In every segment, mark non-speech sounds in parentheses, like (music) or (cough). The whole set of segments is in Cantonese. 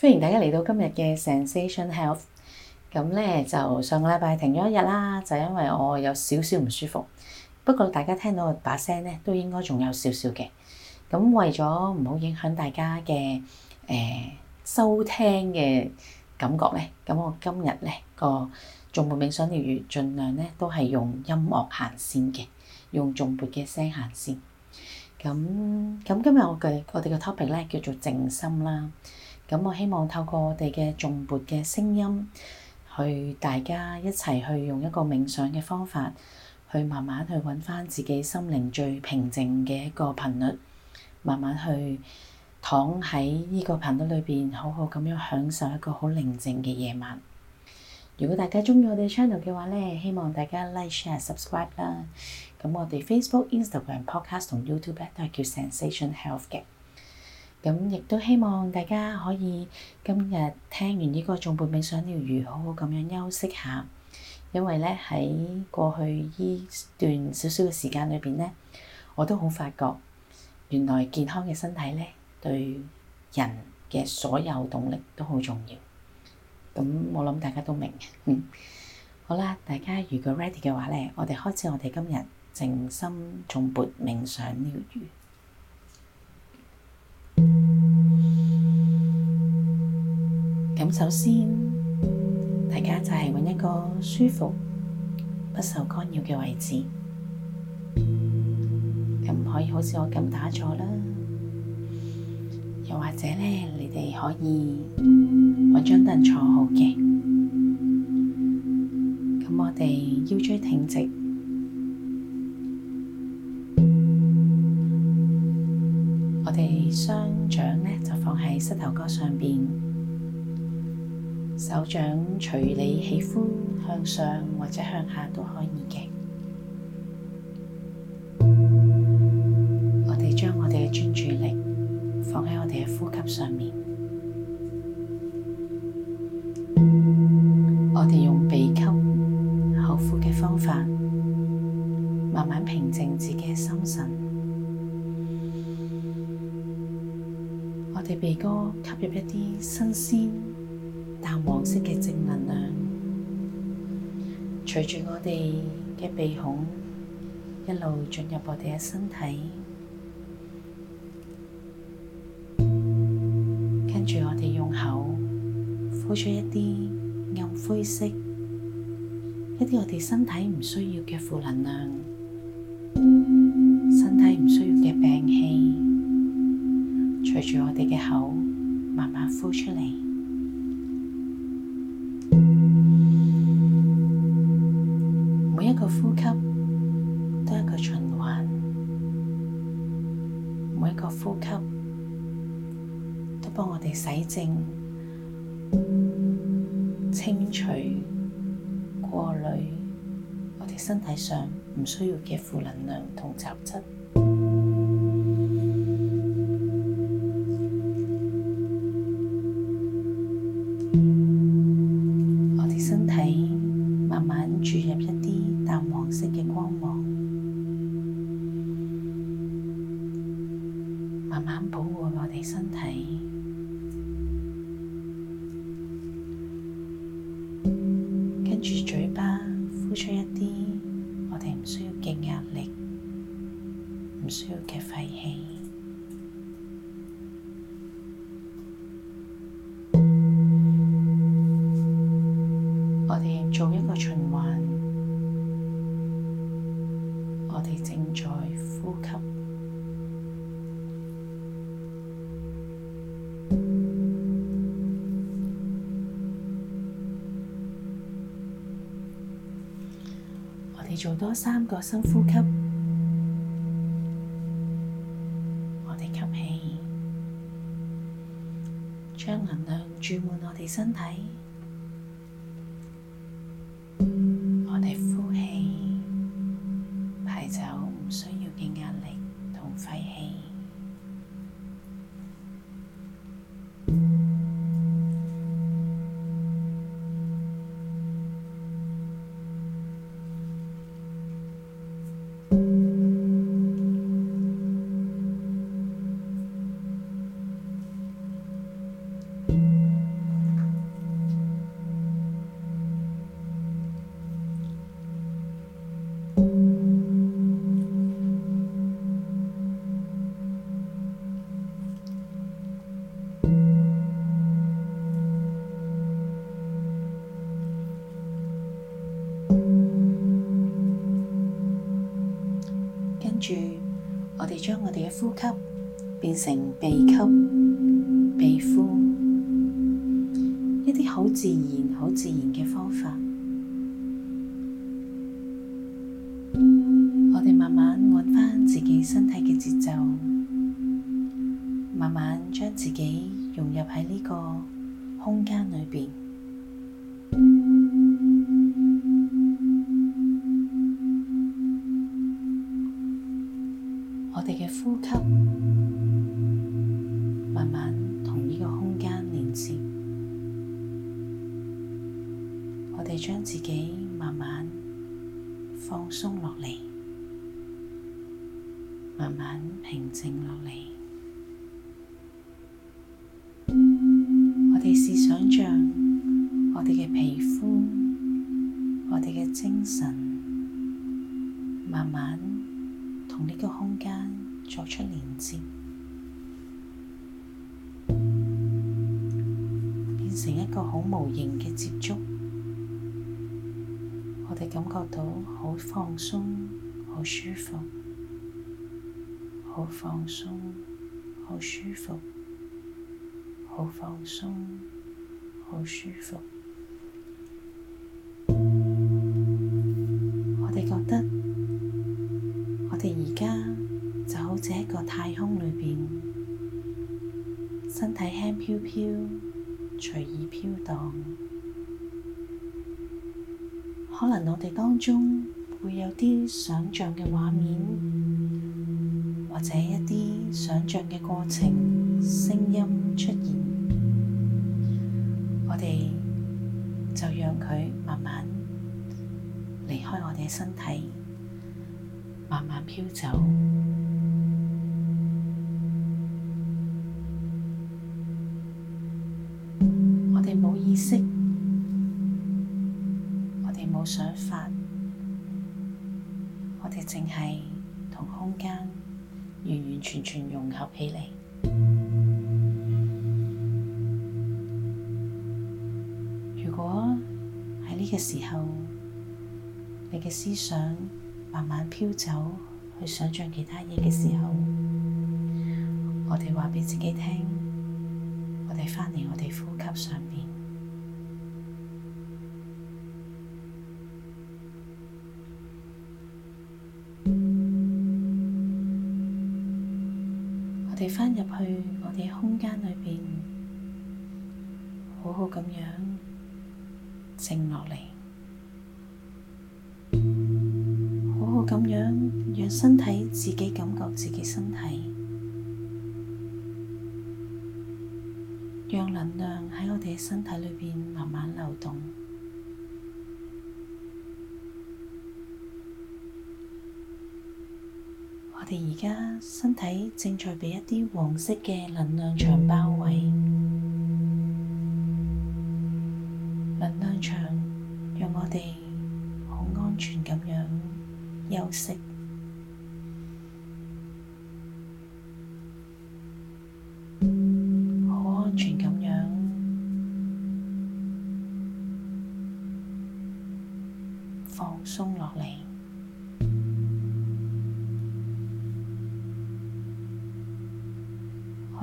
歡迎大家嚟到今日嘅 Zensation Health。咁咧就上個禮拜停咗一日啦，就因為我有少少唔舒服。不過大家聽到我把聲咧都應該仲有少少嘅。咁為咗唔好影響大家嘅誒、呃、收聽嘅感覺咧，咁我今日咧個頌缽冥想療癒，儘量咧都係用音樂行先嘅，用頌缽嘅聲行先。咁咁今日我嘅我哋嘅 topic 咧叫做靜心啦。咁我希望透過我哋嘅頌缽嘅聲音，去大家一齊去用一個冥想嘅方法，去慢慢去揾翻自己心靈最平靜嘅一個頻率，慢慢去躺喺呢個頻率裏邊，好好咁樣享受一個好寧靜嘅夜晚。如果大家鍾意我哋 channel 嘅話咧，希望大家 like、share、subscribe 啦。咁我哋 Facebook、Instagram、Podcast 同 YouTube 都係叫 Zensation Health 嘅。咁亦都希望大家可以今日聽完呢個頌缽冥想療癒，好好咁樣休息下。因為呢，喺過去呢段少少嘅時間裏邊呢，我都好發覺原來健康嘅身體呢，對人嘅所有動力都好重要。咁我諗大家都明，嗯。好啦，大家如果 ready 嘅話呢，我哋開始我哋今日靜心頌缽冥想療癒。咁首先，大家就係揾一個舒服、不受干擾嘅位置。咁可以好似我咁打坐啦，又或者呢，你哋可以揾張凳坐好嘅。咁我哋腰椎挺直。雙掌呢就放喺膝頭哥上邊，手掌隨你喜歡向上或者向下都可以嘅。 (music) 我哋將我哋嘅專注力放喺我哋嘅呼吸上面，我哋用鼻吸口呼嘅方法，慢慢平靜自己嘅心神。我哋鼻哥吸入一啲新鮮淡黃色嘅正能量，隨住我哋嘅鼻孔一路進入我哋嘅身體，跟住我哋用口呼出一啲暗灰色，一啲我哋身體唔需要嘅負能量。隨住我哋嘅口，慢慢呼出嚟。每一個呼吸都係一個循環，每一個呼吸都幫我哋洗淨、清除、過濾我哋身體上唔需要嘅負能量同雜質。我哋做一個循環，我哋正在呼吸。我哋做多三個深呼吸。將能量注滿我哋身體。將我哋嘅呼吸變成鼻吸鼻呼，一啲好自然、好自然嘅方法。我哋慢慢揾返自己身體嘅節奏，慢慢將自己融入喺呢個空間裏面。平靜落嚟，我哋試想象我哋嘅皮膚，我哋嘅精神，慢慢同呢個空間作出連接，變成一個好無形嘅接觸。我哋感覺到好放鬆，好舒服。好放鬆，好舒服，好放鬆，好舒服。我哋覺得，我哋而家就好似一個太空裏邊，身體輕飄飄，隨意飄蕩。可能我哋當中會有啲想象嘅畫面。或者一啲想象嘅過程，聲音出現，我哋就讓佢慢慢離開我哋嘅身體，慢慢飄走。我哋冇意識，我哋冇想法，我哋淨係同空間。完完全全融合起嚟。如果喺呢個時候，你嘅思想慢慢飄走，去想象其他嘢嘅時候，我哋話畀自己聽，我哋翻嚟我哋呼吸上面。翻入去我哋空間裏邊，好好咁樣靜落嚟，好好咁樣讓身體自己感覺自己身體，讓能量喺我哋嘅身體裏邊慢慢流動。我哋而家身體正在被一啲黃色嘅能量場包圍，能量場讓我哋好安全咁樣休息，好安全咁樣放鬆落嚟。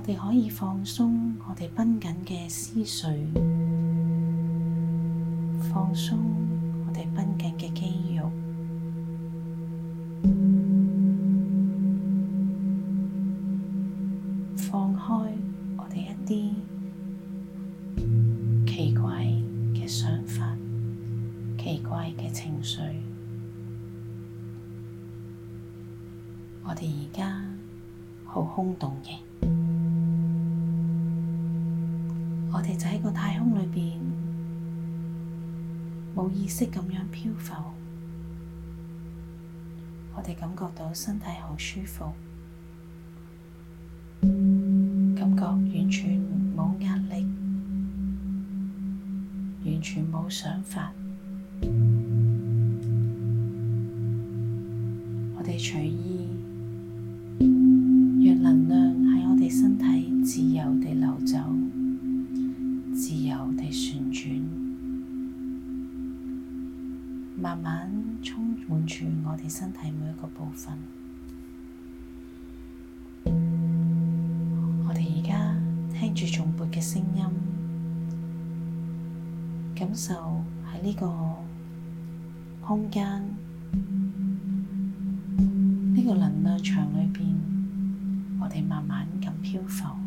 你可以放鬆我哋繃緊嘅思緒，放鬆我哋繃緊嘅肌肉，放開我哋一啲奇怪嘅想法、奇怪嘅情緒。我哋而家好空洞嘅。我哋就喺個太空裏邊，冇意識咁樣漂浮，我哋感覺到身體好舒服，感覺完全冇壓力，完全冇想法，我哋隨意。個部分，我哋而家聽住頌缽嘅聲音，感受喺呢個空間，呢個能量場裏邊，我哋慢慢咁漂浮。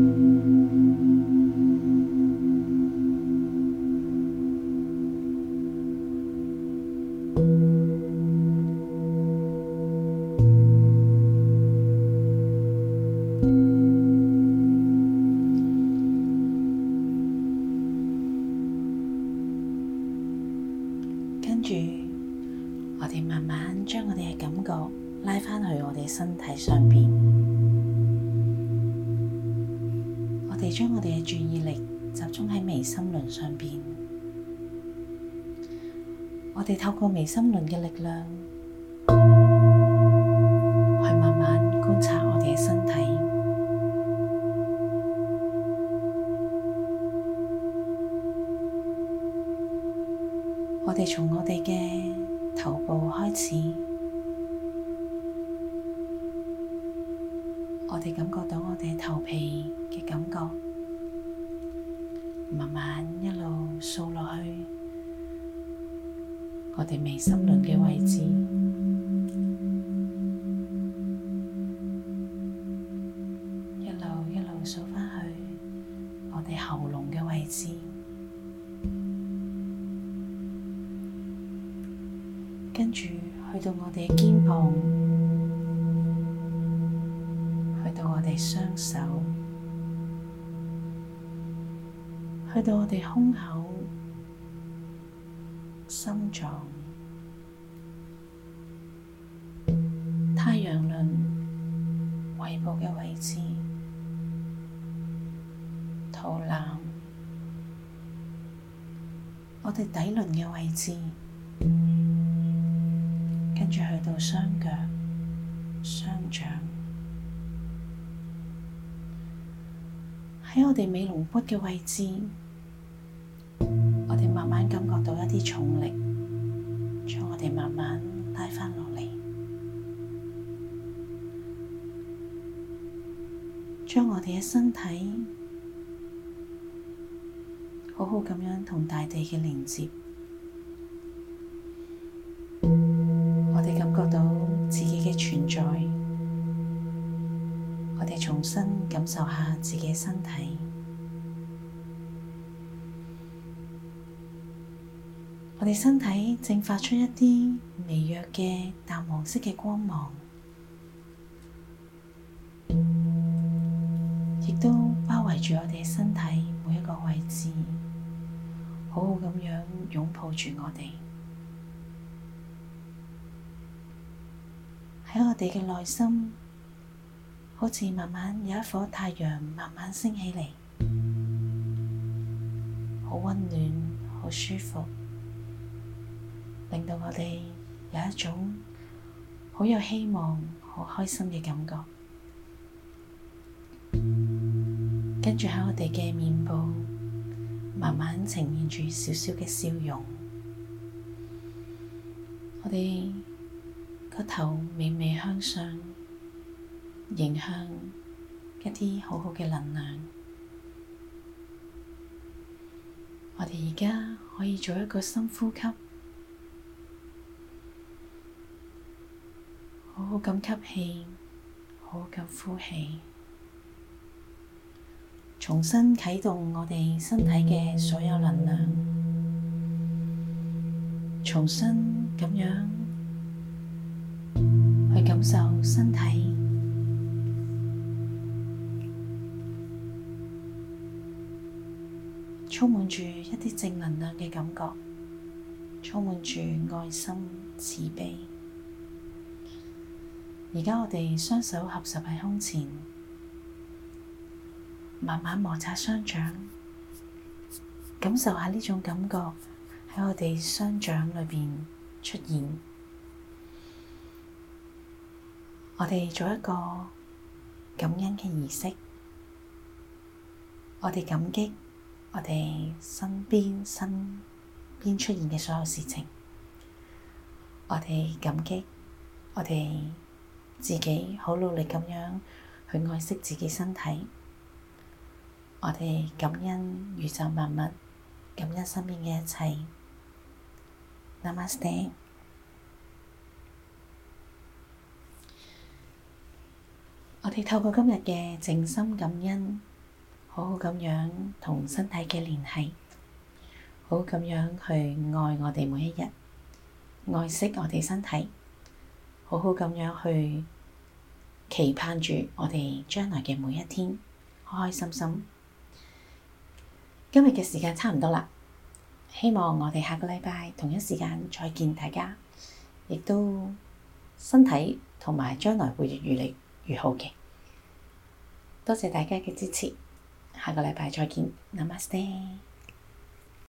集中喺眉心輪上邊，我哋透過眉心輪嘅力量。我哋眉心輪嘅位置。上輪胃部嘅位置，肚腩，我哋底輪嘅位置，跟住去到雙腳、雙掌，喺我哋尾龍骨嘅位置，我哋慢慢感覺到一啲重力，將我哋慢慢拉返落嚟。將我哋嘅身體好好咁樣同大地嘅連接，我哋感覺到自己嘅存在，我哋重新感受下自己嘅身體，我哋身體正發出一啲微弱嘅淡黃色嘅光芒。喺每一個位置，好好咁樣擁抱住我哋。喺我哋嘅內心，好似慢慢有一顆太陽慢慢升起嚟，好溫暖，好舒服，令到我哋有一種好有希望、好開心嘅感覺。跟住喺我哋嘅面部，慢慢呈現住少少嘅笑容。我哋個頭微微向上，迎向一啲好好嘅能量。我哋而家可以做一個深呼吸，好好咁吸氣，好好咁呼氣。重新啟動我哋身體嘅所有能量，重新咁樣去感受身體，充滿住一啲正能量嘅感覺，充滿住愛心慈悲。而家我哋雙手合十喺胸前。慢慢磨擦雙掌，感受下呢種感覺喺我哋雙掌裏邊出現。我哋做一個感恩嘅儀式，我哋感激我哋身邊身邊出現嘅所有事情，我哋感激我哋自己好努力咁樣去愛惜自己身體。我哋感恩宇宙萬物，感恩身邊嘅一切。Namaste。我哋透過今日嘅靜心感恩，好好咁樣同身體嘅聯繫，好好咁樣去愛我哋每一日，愛惜我哋身體，好好咁樣去期盼住我哋將來嘅每一天，開開心心。今日嘅時間差唔多啦，希望我哋下個禮拜同一時間再見大家，亦都身體同埋將來會越嚟越好嘅。多謝大家嘅支持，下個禮拜再見，Namaste。